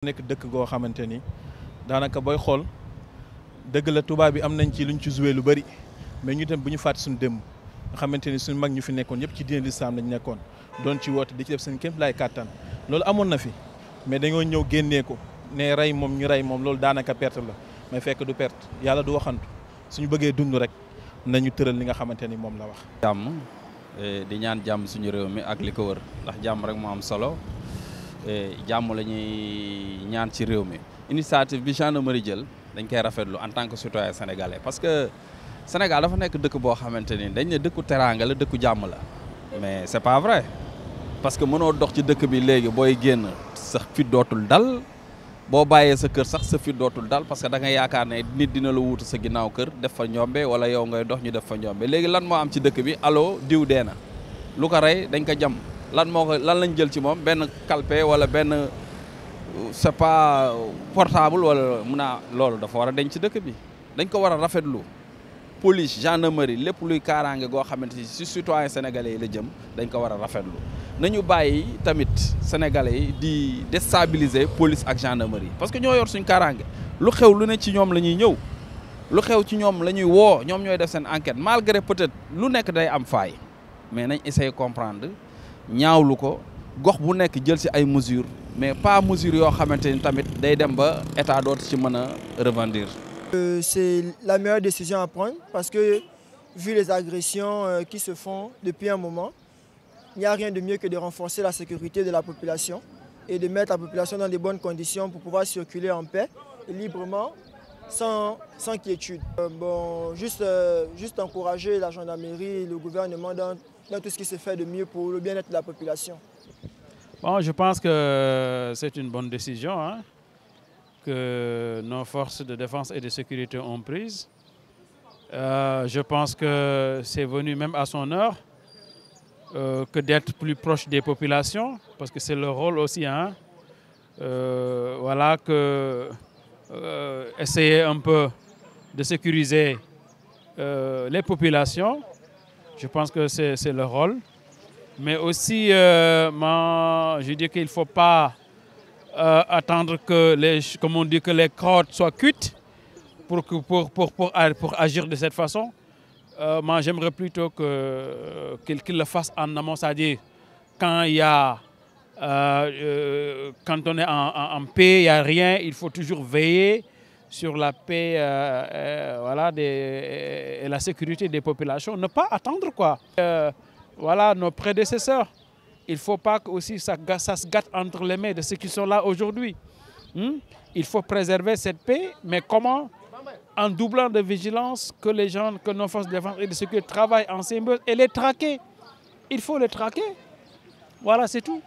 nekk dëkk goo xamante ni daanaka booy xool dëgg la tubaab bi am nañ ci luñ ci joué lu bëri mais ñu dem bu ñu fàtt suñu démb nga xamante ni suñu mag ñu fi nekkoon yëpp ci diine lislaam lañ nekkoon doon ci woote di ci def seen kéem laay kàttan loolu amoon na fi mais dañoo ñëw génnee ko ne rey moom ñu rey moom loolu daanaka perte la mais fekk du perte yàlla du waxantu suñu bëggee dund rek nañu tëral li nga xamante ni moom la wax. jàmm eh, di ñaan jàmm suñu réew mi ak li ko wër ndax jàmm rek moo am solo. Eh, jàmm la ñuy ñaan ci réew mi initiative bi gendarmerie jël dañ koy rafetlu en tant que citoyen sénégalais parce que Sénégal dafa nekk dëkk boo xamante ni dañ ne dëkku teraanga la dëkku jàmm la mais c'est pas vrai parce que mënoo dox ci dëkk bi léegi booy génn sax fit dootul dal boo bàyyee sa kër sax sa fit dootul dal parce que da nga yaakaar ne nit dina la wuutu sa ginnaaw kër def fa njombe wala yow ngay dox ñu def fa njombe léegi lan moo am ci dëkk bi allo diw dee na lu ko dañ ko jam lan moo ko lan lañ jël ci moom benn kalpe wala benn c'est pas portable wala mun naa loolu dafa war a denc ci dëkk bi dañ ko war a rafetlu police gendarmerie lépp luy kaaraange goo xamante ni si citoyen sénégalais yi la jëm dañ ko war a rafetlu nañu bàyyi tamit sénégalais yi di déstabiliser police ak gendarmerie parce que ñoo yor suñ kaaraange lu xew lu ne ci ñoom la ñëw lu xew ci ñoom la ñuy woo ñoom ñooy def seen enquête malgré peut-être lu nekk day am faay mais nañ essayer comprendre mais pas c'est la meilleure décision à prendre parce que vu les agressions euh, qui se font depuis un moment il n'y a rien de mieux que de renforcer la sécurité de la population et de mettre la population dans de bonnes conditions pour pouvoir circuler en paix librement sans, sans quiétude. Euh, bon, juste, euh, juste encourager la gendarmerie et le gouvernement dans dans tout ce qui se fait de mieux pour le bien-être de la population. Bon, je pense que euh, c'est une bonne décision hein, que nos forces de défense et de sécurité ont prise. Euh, je pense que c'est venu même à son heure euh, que d'être plus proche des populations, parce que c'est leur rôle aussi. Hein, voilà que essayer un peu de sécuriser les populations je pense que c'est le rôle. Mais aussi, euh, je dis qu'il ne faut pas euh, attendre que les, comme on que les crottes soient cuites pour, pour, pour, pour, agir de cette façon. Euh, moi, j'aimerais plutôt qu'ils le fasse en amont, c'est-à-dire quand il y quand on est en, en paix, il n'y a rien, il faut toujours veiller sur la paix euh, euh, voilà, euh, et la sécurité des populations. Ne pas attendre quoi. voilà, nos prédécesseurs, il ne faut pas que aussi ça, ça, se gâte entre les mains de ceux qui sont là aujourd'hui. Hmm? Il faut préserver cette paix, mais comment en doublant de vigilance que les gens, que nos forces de défense et de sécurité travaillent en et les traquer. Il faut les traquer. Voilà, c'est tout.